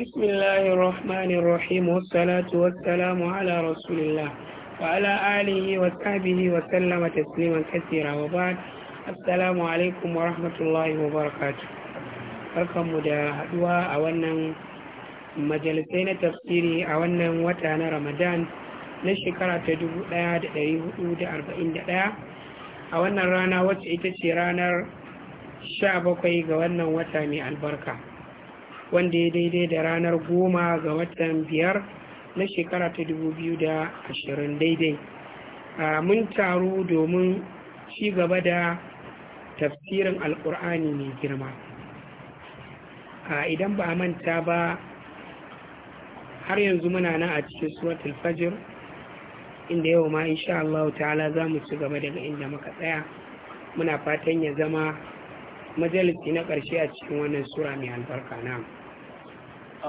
بسم الله الرحمن الرحيم والصلاة والسلام على رسول الله وعلى آله وصحبه وسلم تسليما كثيرا وبعد السلام عليكم ورحمة الله وبركاته da haduwa a wannan majalisai na tafsiri a wannan wata na ramadan na shekara ta 1441 a wannan rana wacce ita ce ranar ga wannan wata mai albarka wanda ya daidai da ranar goma ga watan biyar na shekara ta da ashirin daidai mun taru domin ci gaba da tafsirin alkur'ani mai girma idan ba a manta ba har yanzu muna nan a cikin suratul fajr inda yau ma insha Allah ta'ala za mu ci gaba daga inda muka tsaya muna fatan ya zama majalisi na ƙarshe a cikin wannan sura mai albarka na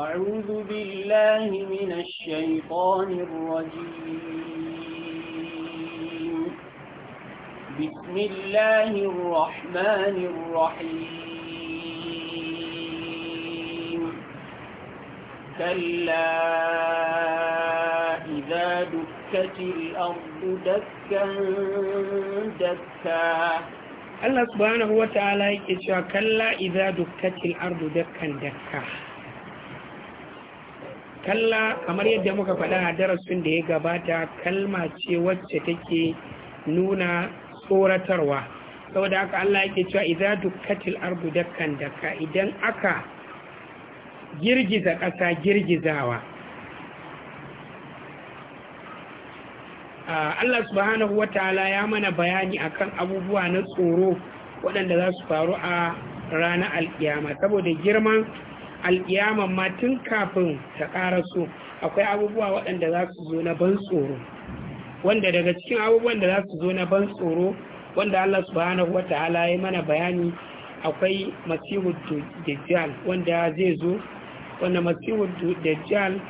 أعوذ بالله من الشيطان الرجيم بسم الله الرحمن الرحيم كلا إذا دكت الأرض دكا دكا الله سبحانه وتعالى يقول كلا إذا دكت الأرض دكا دكا kalla kamar yadda muka faɗa a darasin da ya gabata kalma ce wacce take nuna tsoratarwa saboda haka Allah yake cewa idza dukkatil ardu dakkan dakka idan aka girgiza ƙasa girgizawa ah, Allah subhanahu wataala ya mana bayani akan abubuwa na tsoro waɗanda za su faru a ranar alƙiyama saboda girman alƙiyaman ma tun kafin ta ƙaraso akwai abubuwa waɗanda za su zo na ban tsoro wanda daga cikin abubuwan da za su zo na ban tsoro wanda Allah subhanahu wa ta'ala ya mana bayani akwai masihu dajjal wanda zai zo wanda masihu dajjal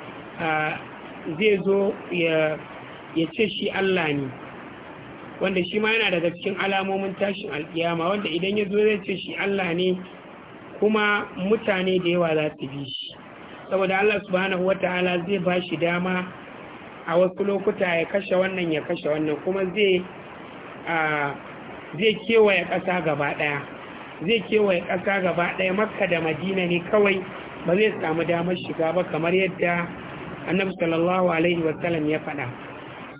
zai zo ya ce shi Allah ne wanda shi ma yana daga cikin alamomin tashin alkiyama wanda idan ya zo zai ce shi Allah ne kuma mutane da yawa za su bi shi saboda Allah subhanahu wata'ala zai ba shi dama a wasu lokuta ya kashe wannan ya kashe wannan kuma zai zai kewaye ƙasa gaba ɗaya zai kewaye ƙasa gaba ɗaya makka da madina ne kawai ba zai samu damar shiga ba kamar yadda annabi sallallahu alaihi wasallam ya faɗa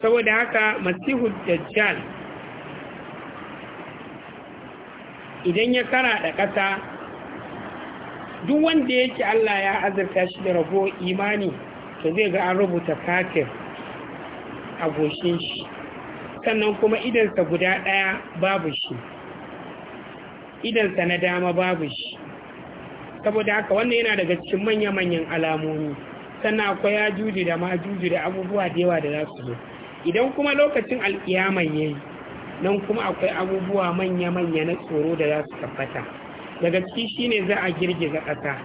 saboda haka masihu dajjal idan ya kara da ƙasa duk wanda yake Allah ya azurta shi da rabo imani to zai ga an rubuta kafir a goshin shi sannan kuma idansa guda ɗaya babu shi idansa na dama babu shi saboda haka wannan yana daga cikin manya-manyan alamomi sannan akwai ya juji da ma juji da abubuwa da yawa da za su zo idan kuma lokacin alkiyaman yayi nan kuma akwai abubuwa manya-manya na tsoro da za su tabbata daga ciki shine za a girgiza ƙasa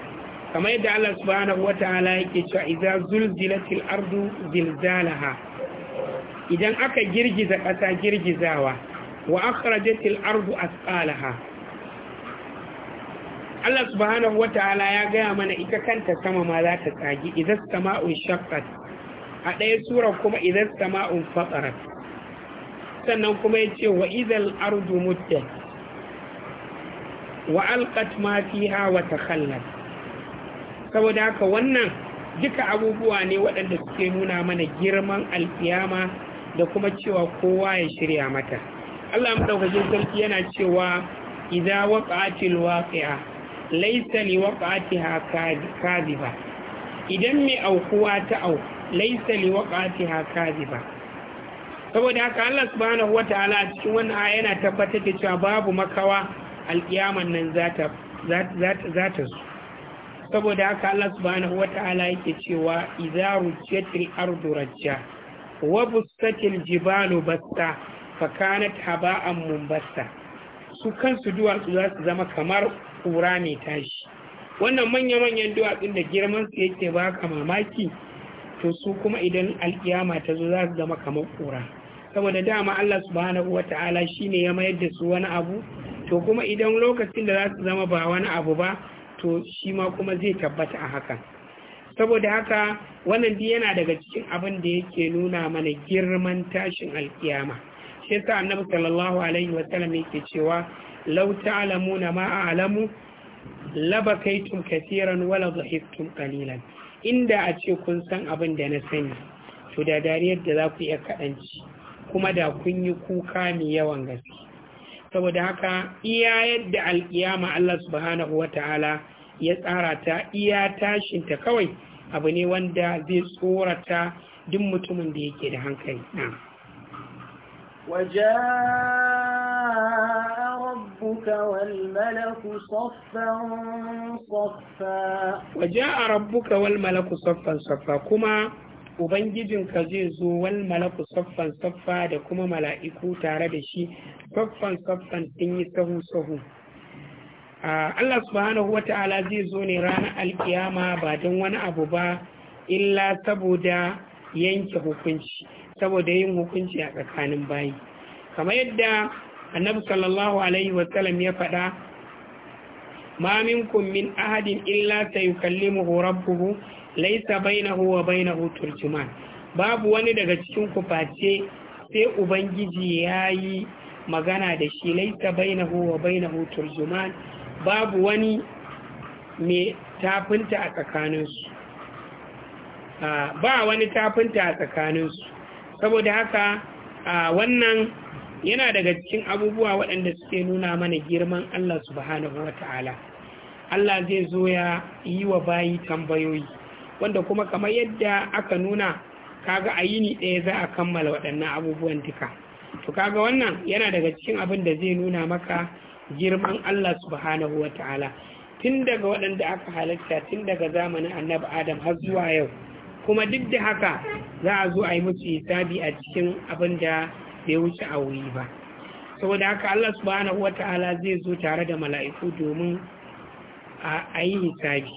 kamar yadda Allah subhanahu wata'ala yake cewa idza zulzilatil ardu zilzalaha idan aka girgiza ƙasa girgizawa wa akhrajatil ardu asqalaha Allah subhanahu wata'ala ya gaya mana ita kanta sama ma za ta tsagi idan sama'un shaqqat a ɗaya sura kuma idan sama'un fatarat sannan kuma yace wa idal ardu muddat wa alqat ma fiha wa kallar saboda haka wannan duka abubuwa ne waɗanda suke nuna mana girman alfiyama da kuma cewa kowa ya shirya mata Allah ɗaukakin sarki yana cewa idan idza waqa'atil waqi'a laysa li waqa'atiha ba idan mai aukuwa ta au laysa li waqa'atiha ba saboda haka Allah subhanahu ala a cikin wannan aya yana tabbatar da cewa babu makawa alƙiyaman nan za ta su saboda haka Allah subhanahu wata'ala yake cewa "Izaru rujjatil ardu rajja wa bustatil jibalu basta fa kanat haba'an munbasta su kansu duwatsu za su zama kamar kura mai tashi wannan manya-manyan duwatsun da girman su yake ba ka mamaki to su kuma idan alkiyama ta zo za su zama kamar kura saboda dama Allah subhanahu wata'ala shine ya mayar da su wani abu to kuma idan lokacin da za su zama ba wani abu ba to shi ma kuma zai tabbata a hakan saboda haka wannan duk yana daga cikin abin da yake nuna mana girman tashin alkiyama shi yasa annabi sallallahu alaihi wa sallam yake cewa law ta'lamuna ma a'lamu labakaitum kaseeran wala dhahiktum qalilan inda a ce kun san abin da na sani to da dariyar da za ku iya kaɗanci kuma da kun yi kuka mai yawan gaske saboda haka iya yadda alkiyama Allah subhanahu ta'ala) ya tsara ta iya tashinta kawai abu ne wanda zai tsorata duk mutumin da yake da hankali na وجاء ربك والملك صفا صفا وجاء ربك والملك Ubangijinka zai zo wal malaku saffan saffa da kuma mala'iku tare da shi, saffan saffan sun yi sahu-sahu. Allah subhanahu wata'ala zai zo ne ranar alkiyama ba don wani abu ba, illa saboda yanke hukunci, saboda yin hukunci a tsakanin bayi. Kamar yadda annabi sallallahu Alaihi wasallam ya faɗa, ma minkum min ahadin illa ta kalli mu horar buhu? laisa bainahu wa bainahu turjuman babu wani daga cikin ku face sai ubangiji yayi magana da shi laisa bainahu wa bainahu turjuman babu wani mai tafinta a su ba wani tafinta a tsakanin su saboda haka wannan yana daga cikin abubuwa waɗanda suke nuna mana girman Allah subhanahu wa ta'ala Allah zai zo ya yi wa bayi tambayoyi wanda kuma kamar yadda aka nuna kaga a yini ɗaya za a kammala waɗannan abubuwan duka to kaga wannan yana daga cikin abin da zai nuna maka girman Allah subhanahu wa ta'ala tun daga waɗanda aka halitta tun daga zamanin annabi adam har zuwa yau kuma duk da haka za a zo a yi musu hisabi a cikin abin da bai wuce a wuri ba saboda haka Allah subhanahu wa ta'ala zai zo tare da mala'iku domin a yi hisabi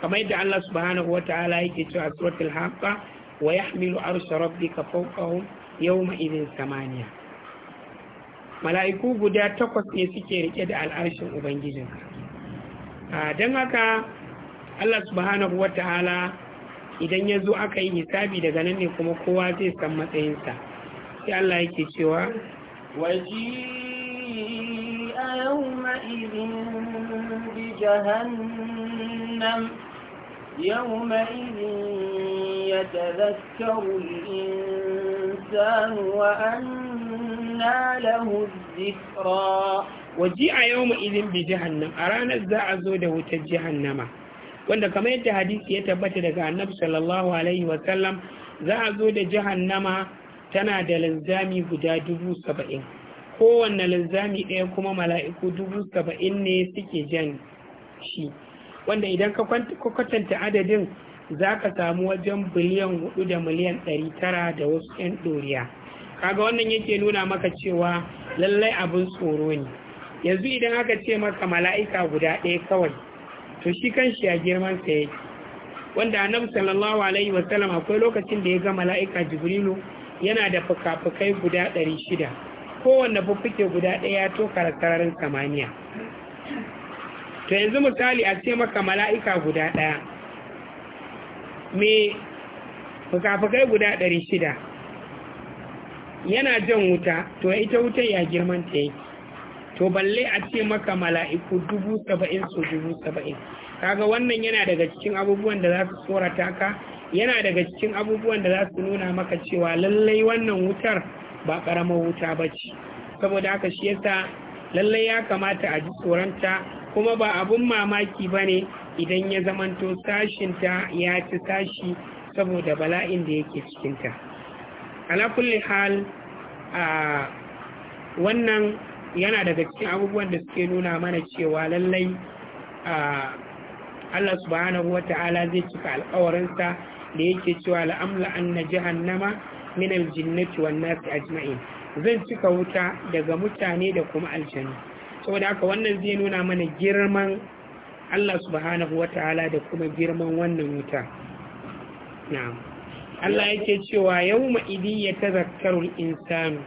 kamar yadda Allah subhanahu wa ta'ala yake cewa suratul haqqa wa yahmilu arsha rabbika fawqahum yawma idhin samaniya mala'iku guda takwas ne suke rike da al'arshin ubangijinka don haka Allah subhanahu wa ta'ala idan ya zo aka yi hisabi daga nan ne kuma kowa zai san matsayinsa sai Allah yake cewa waji a yau bi jahannam يومئذ يتذكر الإنسان وأنى له الذكرى وجيء zo da أرانا الزعزود nama, wanda kamar yadda hadisi ya tabbata daga annabi sallallahu za a zo da nama tana da linzami guda dubu saba'in kowanne linzami ɗaya kuma mala'iku dubu saba'in ne suke jan shi wanda idan ka kwatanta adadin za ka samu wajen biliyan hudu da miliyan ɗari tara da wasu 'yan ɗoriya kaga wannan yake nuna maka cewa lallai abin tsoro ne yanzu idan aka ce maka mala'ika guda ɗaya kawai to shi kan shi a girman sa yake wanda annabi sallallahu alaihi sallam akwai lokacin da ya ga mala'ika jibrilu yana da fuka-fukai guda ɗari shida kowanne fuffuke guda ɗaya ya toka to kararin samaniya to yanzu misali a ce maka mala'ika guda ɗaya me fuka-fukai guda ɗari shida yana jan wuta to ita wuta ya girman ta yake to balle a ce maka mala'iku dubu saba'in su dubu saba'in kaga wannan yana daga cikin abubuwan da za su tsorata ka yana daga cikin abubuwan da za su nuna maka cewa lallai wannan wutar ba ƙaramar wuta ba ce saboda haka shi yasa lallai ya kamata a ji tsoronta kuma ba abun mamaki ba ne idan ya zamanto sashinta ya ci sashi saboda bala'in da yake cikinta alakulli hal a wannan yana daga cikin abubuwan da suke nuna mana cewa lallai Allah subhanahu wa ta'ala zai cika alkawarinsa da yake cewa la'amla an na jahannama min aljinnati wan nasi ajma'in zan cika wuta daga mutane da kuma aljanu saboda haka wannan zai nuna mana girman Allah subhanahu wata'ala da kuma girman wannan wuta na'am Allah yake cewa yawma idhi yatazakkaru al-insanu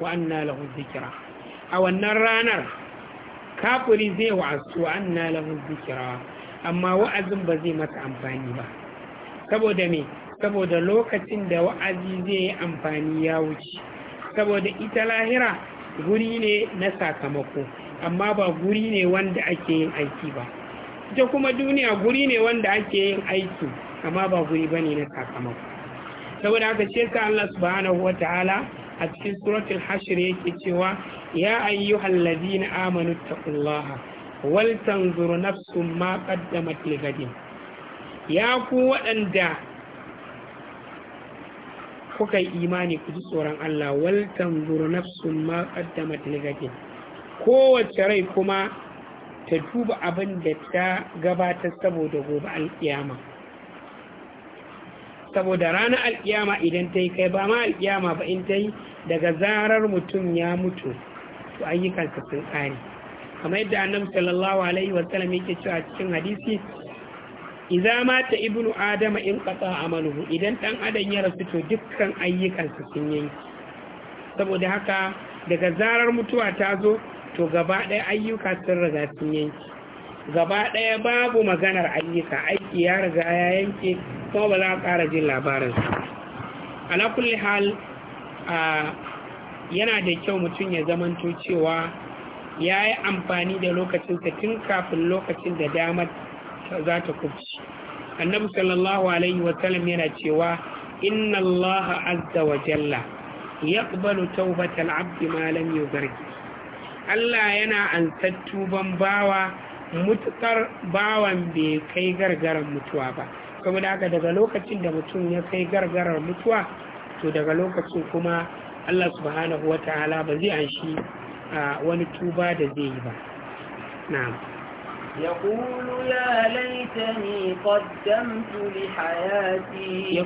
wa anna lahu zikira. a wannan ranar kafuri zai wa'azu wa anna lahu zikira. amma wa'azin ba zai masa amfani ba saboda me saboda lokacin da wa'azi zai yi amfani ya wuce saboda ita lahira guri ne na sakamako amma ba guri ne wanda ake yin aiki ba ita kuma duniya guri ne wanda ake yin aiki amma ba guri ba ne na sakamako saboda haka ce ka Allah subhanahu wa ta'ala a cikin suratul hashir yake cewa ya ayyuhal ladina amanu taqullaha wal tanzuru nafsun ma qaddamat ligadin ya ku waɗanda kuka yi imani ku ji tsoron Allah wal tanzuru nafsun ma qaddamat ligadin kowace rai kuma ta tuba abin da ta gabatar saboda gobe alkiyama saboda ranar alkiyama idan ta yi kai ba ma alkiyama ba in ta yi daga zarar mutum ya mutu su ayyukan sun kare kamar yadda annabi sallallahu alaihi wa sallam yake cewa cikin hadisi idza mata ibnu adama in qata amaluhu idan dan adam ya rasu to dukkan ayyukan ayyukansa sun yanki saboda haka daga zarar mutuwa ta zo to gaba ɗaya ayyuka sun riga sun yanki gaba ɗaya babu maganar ayyuka aiki ya riga ya yanke kuma ba za a ƙara jin labarin ala kulli hal yana da kyau mutum ya zamanto cewa ya yi amfani da lokacinsa tun kafin lokacin da damar za ta kubci annabi sallallahu alaihi wasallam yana cewa inna allaha azza wa jalla yaqbalu tawbatal abdi ma lam yuzargi Allah yana ansar tuban bawa mutukar bawan bai kai gargaran mutuwa ba saboda haka daga lokacin da mutum ya kai gargarar mutuwa to daga lokacin kuma Allah subhanahu wa ta'ala ba zai anshi wani tuba da zai yi ba na'am يقول يا ليتني قدمت لحياتي ya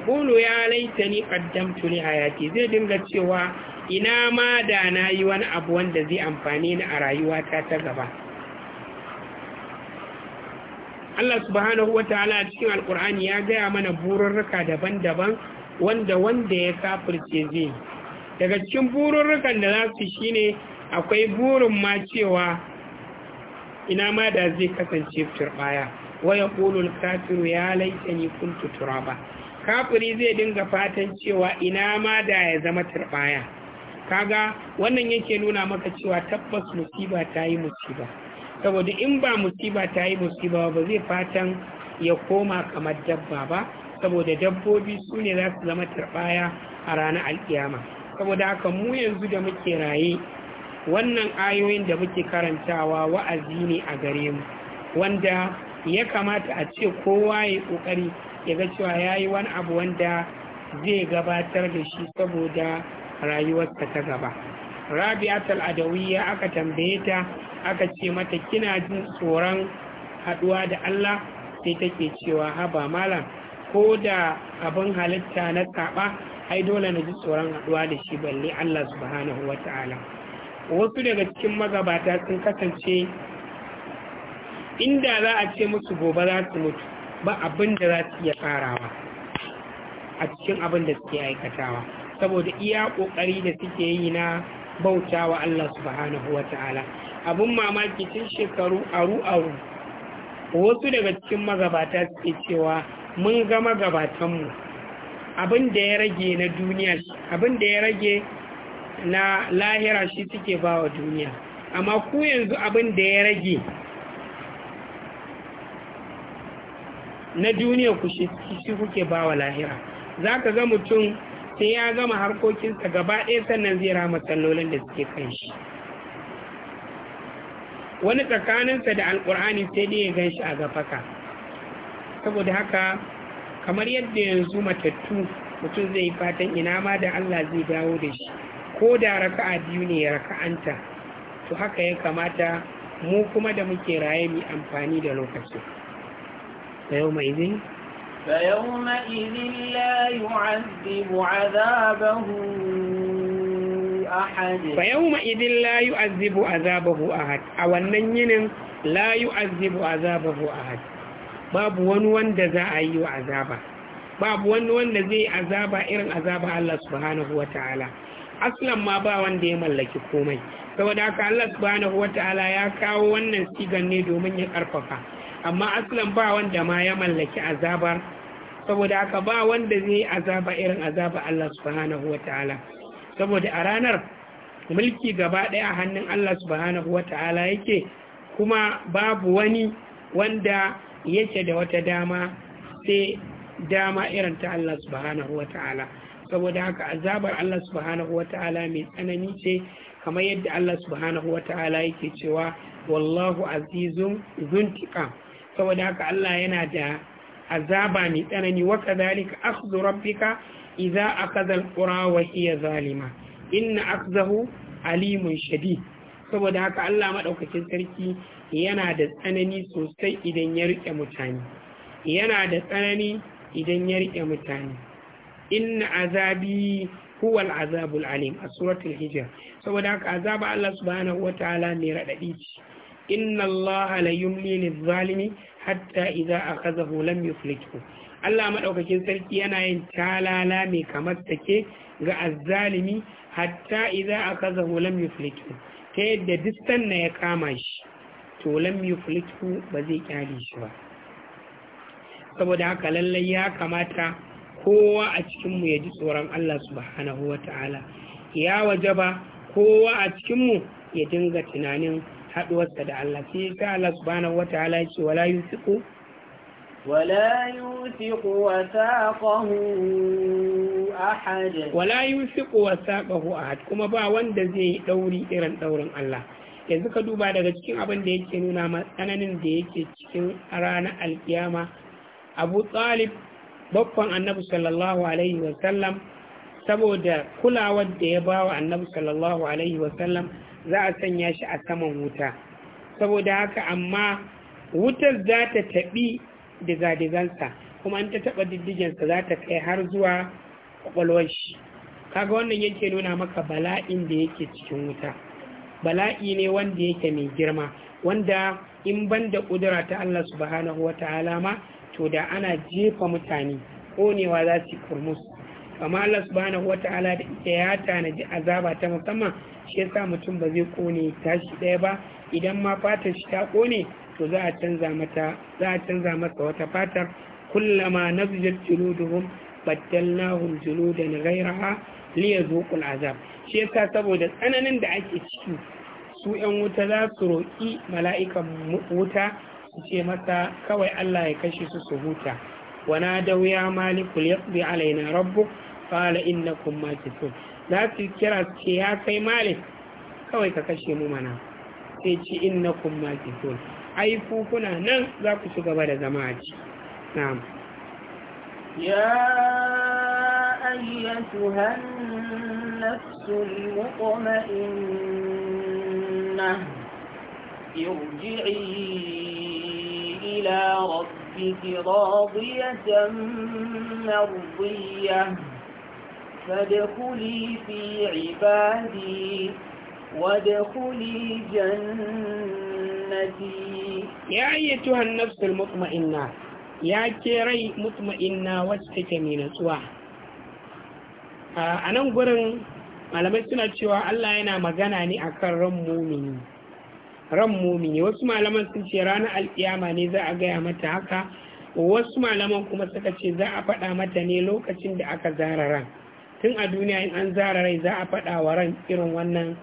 laita ni قدمت hayati. zai dinga cewa ina ma da na yi wani abu wanda zai amfani ni a rayuwata ta gaba Allah subhanahu ta'ala cikin alkur'ani ya gaya mana bururruka daban-daban wanda wanda ya kafirce zai daga cikin bururrukan da za su shine akwai burin ma cewa ina ma da zai kasance turbaya waya qulul kafiru ya laitani kuntu turaba kafiri zai dinga fatan cewa ina ma da ya zama turbaya kaga wannan yake nuna maka cewa tabbas musiba ta yi musiba saboda in ba musiba ta yi musiba ba zai fatan ya koma kamar dabba ba saboda dabbobi su ne za su zama tarbaya a ranar alkiyama saboda haka mu yanzu da muke raye wannan ayoyin da muke karantawa wa'azi ne a gare mu wanda ya kamata a ce kowa ya kokari ya ga cewa ya yi wani abu wanda zai gabatar da shi saboda rayuwarsa ta gaba rabi'atul adawiyya aka tambaye ta aka ce mata kina jin tsoron haduwa da Allah sai take cewa haba malam ko da abin halitta na kaba ai dole na ji tsoron haduwa da shi balle Allah subhanahu wata'ala wasu daga cikin magabata sun kasance inda za a ce musu gobe za su mutu ba abin da za su iya farawa a cikin abin da suke aikatawa saboda iya ƙoƙari da suke yi na bauta wa Allah subhanahu wa ta'ala abun mamaki tun shekaru aru aru wasu daga cikin magabata suke cewa mun ga magabatanmu abin da ya rage na duniya abin da ya rage na lahira shi suke ba wa duniya amma ku yanzu abin da ya rage na duniya ku shi kuke ba wa lahira za ka ga mutum sai ya gama harkokinsa gaba ɗaya sannan zai rama tsallolin da suke kan shi wani tsakaninsa da Alƙur'ani sai dai ya gan shi a gafaka saboda haka kamar yadda yanzu matattu mutum zai fatan ina ma da allah zai dawo da shi ko da raka'a biyu ne ya raka'anta to haka ya kamata mu kuma da muke raye mu amfani da lokaci yau فيومئذ لا يعذب عذابه أحد فيومئذ لا يعذب عذابه أحد أو النين لا يعذب عذابه أحد باب ون ون دزا أي عذابه باب ون ون دزي عذابه إرن عذابه الله سبحانه وتعالى أصلا ما با ون دي ملكي كومي فوداك الله سبحانه وتعالى يا كاو ون نسيقا نيدو من يقرفك amma asalin ba wanda ma ya mallaki azabar saboda haka ba wanda zai azaba irin azaba Allah subhanahu ta'ala saboda a ranar mulki gaba ɗaya a hannun Allah subhanahu ta'ala yake kuma babu wani wanda yake da wata dama sai dama irin ta Allah subhanahu ta'ala saboda haka azabar Allah subhanahu ta'ala mai tsanani ce kamar yadda Allah subhanahu ta'ala yake cewa wallahu azizun zuntiqam saboda haka Allah yana da azaba mai tsanani wa kadhalika akhdhu rabbika idza akhadha alqura wa hiya zalima inna akhdahu alimun shadid saboda haka Allah madaukakin sarki yana da tsanani sosai idan ya rike mutane yana da tsanani idan ya rike mutane inna azabi huwa al'azabul alim a suratul hijr saboda haka azaba Allah subhanahu ta'ala mai radadi ce inna Allah la yumli zalimi hatta idza akhadhahu lam yuflithu Allah madaukakin sarki yana yin talala mai kamar take ga azzalimi hatta idza akhadhahu lam yuflithu ta yadda duk sanna ya kama shi to lam yuflithu ba zai kyale shi ba saboda haka lallai ya kamata kowa a cikinmu ya ji tsoron Allah subhanahu wa ta'ala ya wajaba kowa a cikinmu ya dinga tunanin haɗuwarsa da Allah sai ta Allah subhanahu wata'ala ya ce wala yusiku wala yusiku wasaqahu ahad wala yusiku wasaqahu ahad kuma ba wanda zai yi dauri irin daurin Allah yanzu ka duba daga cikin abin da yake nuna ma tsananin da yake cikin ranar alkiyama Abu Talib babban Annabi sallallahu alaihi wa sallam saboda kulawar da ya bawa Annabi sallallahu alaihi wa sallam za a sanya shi a saman wuta saboda haka amma wutar za ta taɓi digadigansa kuma an ta taɓa diddigensa za ta kai har zuwa ƙwaƙwalwar shi kaga wannan yake nuna maka bala'in da yake cikin wuta bala'i ne wanda yake mai girma wanda in ban da ƙudura ta Allah subhanahu wa ta'ala ma to da ana jefa mutane ƙonewa za su kurmus amma Allah subhanahu ta'ala da ita ya tanaji azaba ta musamman shi yasa mutum ba zai kone tashi ɗaya ba idan ma fatar shi ta kone to za a canza mata za a canza masa wata fatar kullama nazjat juluduhum baddalnahum juludan ghayraha liyazuqul azab shi yasa saboda tsananin da ake ciki su yan wuta za su roƙi mala'ikan wuta su ce masa kawai Allah ya kashe su su huta ونادوا يا مالك ليقضي علينا ربك قال إنكم ماكثون za su kira su ce ya kai malik kawai ka kashe mu mana sai ce innakum makithun ai ku kuna nan za ku ci gaba da zama a ci na'am ya nafsul mutma'inna ربك راضية مرضية فادخلي في عبادي وادخلي جنتي يا أيتها النفس المطمئنة يا كيري مطمئنة واسحك من سواه a nan gurin malamai suna cewa Allah أنا magana ne akan ran mumini ran mumini wasu malaman sun ce ranar alkiyama ne za a gaya mata haka wasu malaman kuma suka ce za a faɗa mata ne lokacin da aka zara ran tun a duniya in an zara rai za a faɗa wa ran irin wannan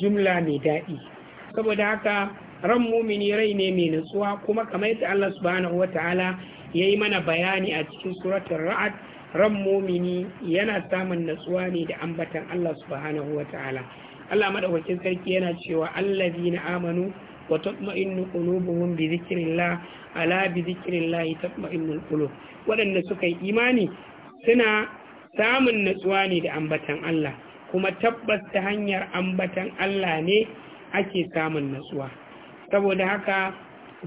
jumla mai daɗi saboda haka ran mumini rai ne mai nutsuwa kuma kamar yadda Allah subhanahu Ta'ala ya yi mana bayani a cikin suratun ra'ad ran mumini yana samun natsuwa ne da ambatan Allah subhanahu Ta'ala. Allah madaukakin sarki yana cewa allazina amanu wa tatma'innu qulubuhum bi zikrillah ala bi zikrillah tatma'innu qulub wadanda suka yi imani suna samun natsuwa ne da ambatan Allah kuma tabbas ta hanyar ambatan Allah ne ake samun natsuwa saboda haka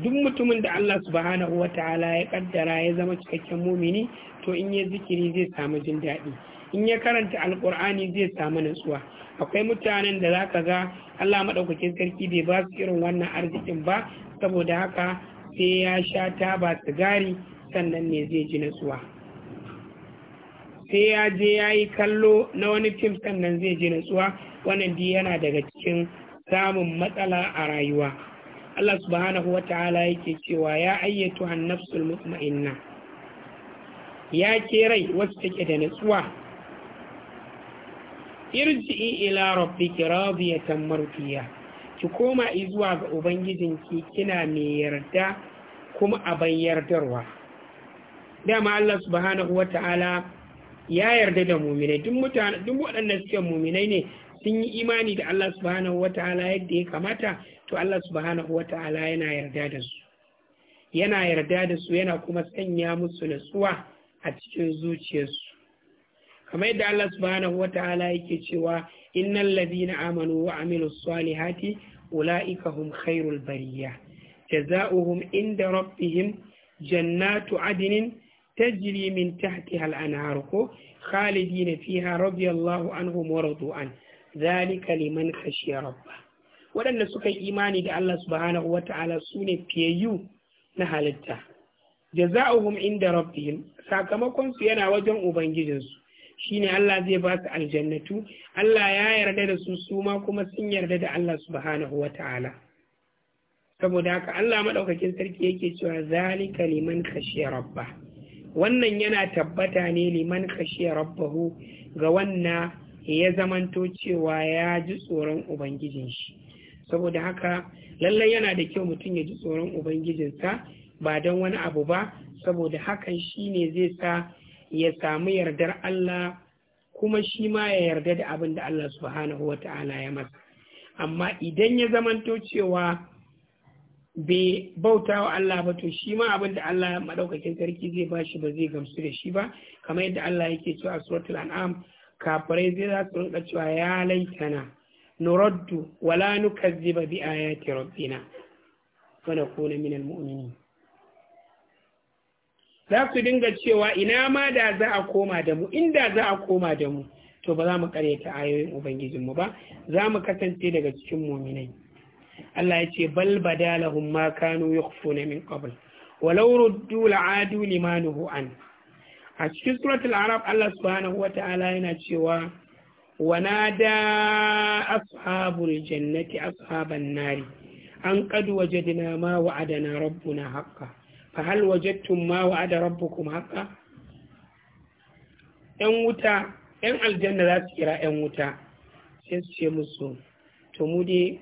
duk mutumin da Allah subhanahu wa ta'ala ya kaddara ya zama cikakken mumini to in ya zikiri zai samu jin daɗi in ya karanta alkur'ani zai samu nutsuwa. akwai mutanen da za ka ga allah maɗaukakin sarki bai ba su irin wannan arzikin ba saboda haka sai ya sha taba sigari sannan ne zai ji nutsuwa. sai ya je ya yi kallo na wani fim sannan zai ji nutsuwa. wannan dai yana daga cikin samun matsala a rayuwa Allah subhanahu wata'ala yake cewa ya ayyatu an nafsul mutma'inna ya ke rai wasu take da nutsuwa? irji'i ila rabbiki radiyatan marfiya ki koma zuwa ga Ubangijin ki, kina mai yarda kuma abin yardarwa dama Allah subhanahu wata'ala ya yarda da muminai duk mutane duk waɗanda suke muminai ne sun yi imani da Allah subhanahu wata'ala yadda ya kamata to Allah subhanahu wata'ala yana yarda da su yana yarda da su yana kuma sanya musu nutsuwa a cikin zuciyarsu kamar da Allah subhanahu wa ta'ala yake cewa innal ladina amanu wa amilus salihati ulaika hum khairul bariya jazaohum inda rabbihim jannatu adnin tajri min tahtiha al-anhar ko khalidina fiha radiyallahu anhum wa radu an dhalika liman khashiya rabbah waɗanda suka yi imani da Allah subhanahu wa ta'ala su ne fiyayyu na halitta jaza'uhum inda rabbihim sakamakonsu yana wajen ubangijinsu shine Allah zai ba su aljannatu Allah ya yarda da su su ma kuma sun yarda da Allah subhanahu wa ta'ala saboda haka Allah madaukakin sarki yake cewa zalika liman khashiya rabba wannan yana tabbata ne liman khashiya rabbahu ga wannan ya zamanto cewa ya ji tsoron ubangijin shi saboda haka lallai yana da kyau mutum ya ji tsoron ubangijinsa ba don wani abu ba saboda hakan shine zai sa ya samu yardar Allah kuma shi ma ya yarda da abin da Allah subhanahu wa ta'ala ya masa amma idan ya zamanto cewa bai bauta wa Allah ba to shi ma abin da Allah maɗaukakin sarki zai ba shi ba zai gamsu da shi ba kamar yadda Allah yake cewa a suratul an'am kafirai zai za su rinka cewa ya laitana nuraddu wala nukazziba bi ayati rabbina wa nakuna minal mu'minin za su dinga cewa ina ma da za a koma da mu inda za a koma da mu to ba za mu karyata ayoyin ubangijin mu ba za mu kasance daga cikin muminai Allah ya ce bal badalahum ma kanu yukhfuna min qabl walau ruddu la'adu limanuhu an a cikin suratul arab Allah subhanahu wata'ala yana cewa ونادى أصحاب الجنة أصحاب النار أن قد وجدنا ما وعدنا ربنا حقا fa hal wajadtum ma wa'ada rabbukum haqa yan wuta yan aljanna za su kira yan wuta sai su ce musu to mu dai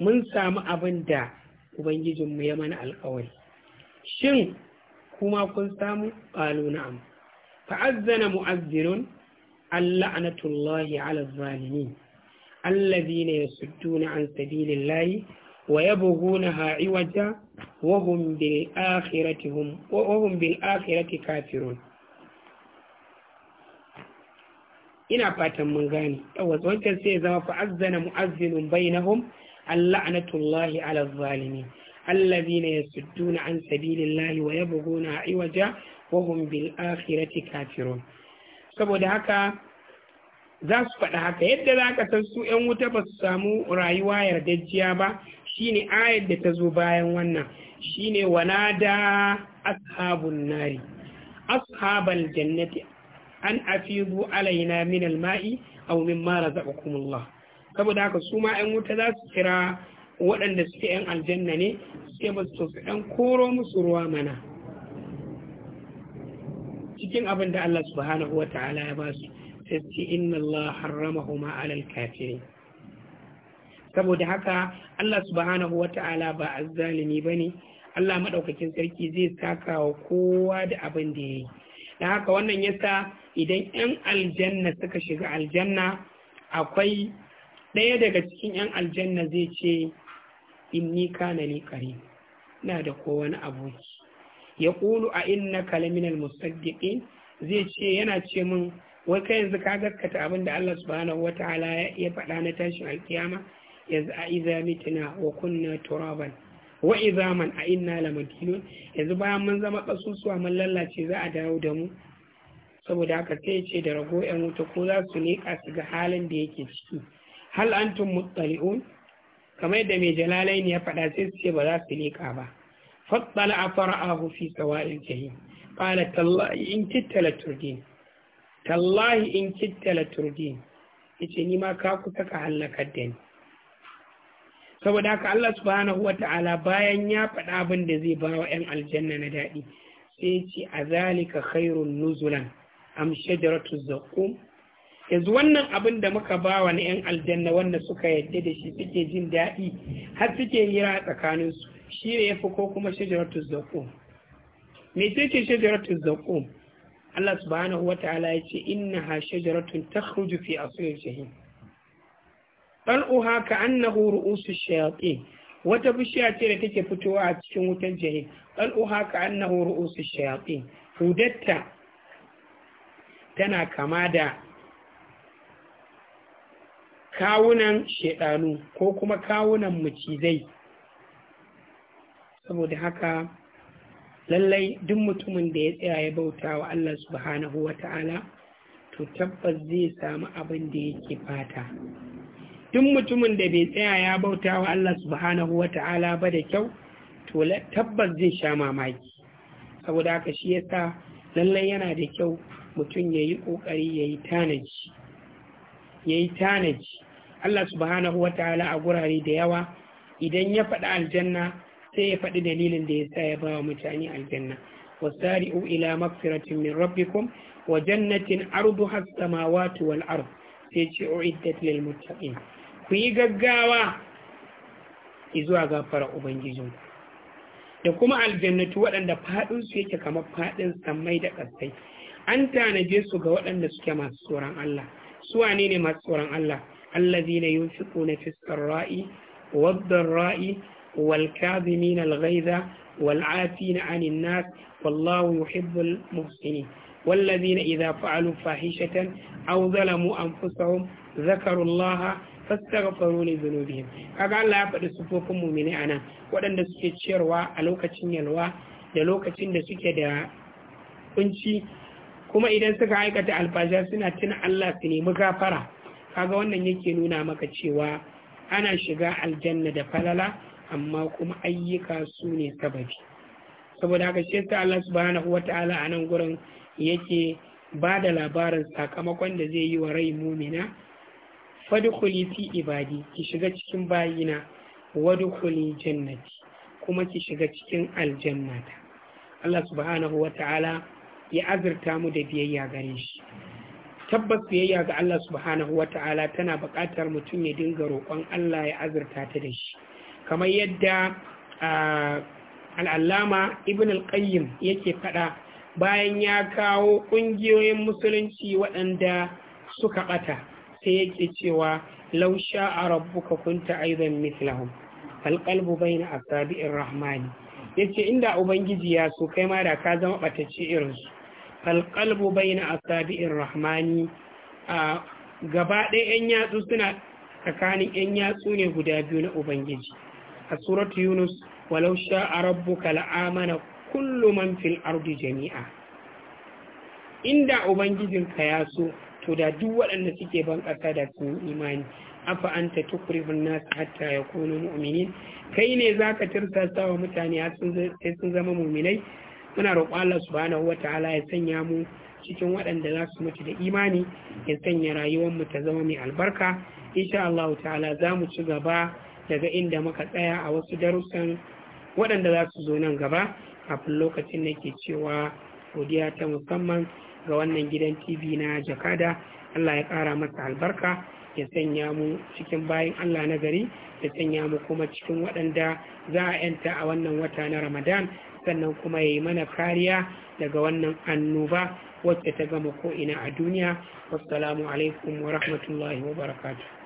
mun samu abin da ubangijinmu ya mana alkawari shin kuma kun samu qalu na'am fa azzana mu'azzirun allanatullahi ala على الظالمين الذين يصدون عن ويبغونها عوجا وهم بالآخرة هم وهم بالآخرة كافرون ina fatan mun gane yawa wancan sai zama fa'azzana mu'azzinun bainahum allanatullahi ala zalimi alladhina yasudduna an sabilillahi wa yabghuna iwaja wa hum bil akhirati kafirun saboda haka za su faɗa haka yadda za ka san su ‘yan wuta ba su samu rayuwa yardajjiya ba shine ayar da ta zo bayan wannan shine wanada ashabun nari ashabal jannati an afidu alaina min alma'i aw mimma razaqakumullah saboda haka su ma 'yan wuta za su kira waɗanda suke 'yan aljanna ne sai ba su ɗan koro musu ruwa mana cikin abinda Allah subhanahu wa ta'ala ya ba su sai inna Allah harrama huma alal kafirin saboda haka Allah subhanahu wa ta'ala ba azzalimi ba ne Allah maɗaukakin sarki zai saka wa kowa da abin da ya yi da haka wannan yasa idan 'yan aljanna suka shiga aljanna akwai ɗaya daga cikin 'yan aljanna zai ce inni kana ni kare na da kowane abu. aboki ya ƙulu a inna kalaminal musaddiqin zai ce yana ce min wai yanzu ka gaskata abin da Allah subhanahu ta'ala ya faɗa na tashin alkiyama yanzu a iza mitina wa kunna turaban wa izaman a inna lamadinu? yanzu bayan mun zama kasusuwa mun lallace za a dawo da mu saboda haka sai ce da rago yan wuta ko za su leƙa su ga halin da yake ciki hal antum muttali'un kamar yadda mai jalalaini ya faɗa sai su ce ba za su leƙa ba fattala a fara'ahu fi sawa'il jahim qala tallahi in kittala turdin tallahi in kittala turdin yace ni ma ka kusa ka halakar da ni saboda haka Allah subhanahu wata'ala bayan ya faɗa abin da zai ba wa 'yan aljanna na daɗi sai ce a zalika khairun nuzulan am shajaratu zaqum yanzu wannan abin da muka ba wa na 'yan aljanna wanda suka yadda da shi suke jin daɗi har suke hira tsakanin su shi ne yafi ko kuma shajaratu zaqum me ce ce shajaratu zaqum Allah subhanahu wata'ala ya ce innaha shajaratun takhruju fi asli jahim ɗal'uha ka annahu ru'usu shayatin wata bishiya ce da take fitowa a cikin wutan jahim ɗal'uha ka annahu ru'usu shayatin hudatta tana kama da kawunan shaidanu ko kuma kawunan macizai saboda haka lallai duk mutumin da ya tsaya ya bauta wa Allah subhanahu wa ta'ala to tabbas zai samu abin da yake fata duk mutumin da bai tsaya ya bauta wa Allah subhanahu wa ta'ala ba da kyau to tabbas zai sha mamaki saboda haka shi yasa lallai yana da kyau mutum ya yi ƙoƙari ya yi tanaji ya yi tanaji Allah subhanahu wa ta'ala a gurare da yawa idan ya faɗi aljanna sai ya faɗi dalilin da ya sa ya bawa mutane aljanna wasari'u ila magfiratin min rabbikum wa jannatin arduha as-samawati wal ard sai ce uiddat lil muttaqin ku yi gaggawa izuwa gafara ubangijinku da kuma aljannatu waɗanda faɗinsu yake kamar faɗin sammai da ƙasai an tanaje su ga waɗanda suke masu tsoron Allah su wane ne masu tsoron Allah allazina yunfiquna fis na wad ra'i wal kadhimin al ghaiza wal 'afina 'anil nas wallahu yuhibbul muhsinin والذين إذا fa'alu fahishatan أو ظلموا أنفسهم ذكروا الله fastaghfiru li dhunubihim kaga Allah ya faɗi sufofin mu'mini anan waɗanda suke ciyarwa a lokacin yalwa da lokacin da suke da kunci kuma idan suka aikata alfasha suna tuna Allah su nemi gafara kaga wannan yake nuna maka cewa ana shiga aljanna da falala amma kuma ayyuka su ne sababi saboda haka shi yasa Allah subhanahu wata'ala a nan gurin yake ba da labarin sakamakon da zai yi wa rai mumina fadkhuli fi ibadi ki shiga cikin bayina kuli jannati kuma ki shiga cikin aljannata Allah subhanahu wa ta'ala ya azurta mu da biyayya gare shi tabbas biyayya ga Allah subhanahu wa ta'ala tana buƙatar mutum ya dinga roƙon Allah ya azurta ta da shi kamar yadda al'allama ibn al-qayyim yake faɗa bayan ya kawo ƙungiyoyin musulunci waɗanda suka ɓata sai yake cewa law sha'a rabbuka kunta aidan mithlahum alqalbu bayna asabi'ir rahmani yace inda ubangiji ya so kai ma da ka zama batacce irin su alqalbu bayna asabi'ir rahmani a gaba ɗaya yan yatsu suna tsakanin yan yatsu ne guda biyu na ubangiji a suratu yunus walau sha'a rabbuka la'amana kullu man fil ardi jami'a inda ubangijinka ya so to da duk waɗanda suke ban ƙasa da sun imani afa anta tukrihun nas hatta yakunu mu'minin kai ne za ka tirsasa wa mutane sai sun zama mu'minai muna roƙo Allah subhanahu ala ya sanya mu cikin waɗanda za su mutu da imani ya sanya rayuwar mu ta zama mai albarka insha Allah ta'ala za mu ci gaba daga inda muka tsaya a wasu darussan waɗanda za su zo nan gaba kafin lokacin nake cewa godiya ta musamman ga wannan gidan tv na jakada allah ya ƙara masa albarka ya sanya mu cikin bayan allah na gari ya sanya mu kuma cikin waɗanda za a yanta a wannan wata na ramadan sannan kuma ya yi mana kariya daga wannan annoba wacce ta gama ko'ina a duniya wassalamu alaikum wa rahmatullahi wa barakatuh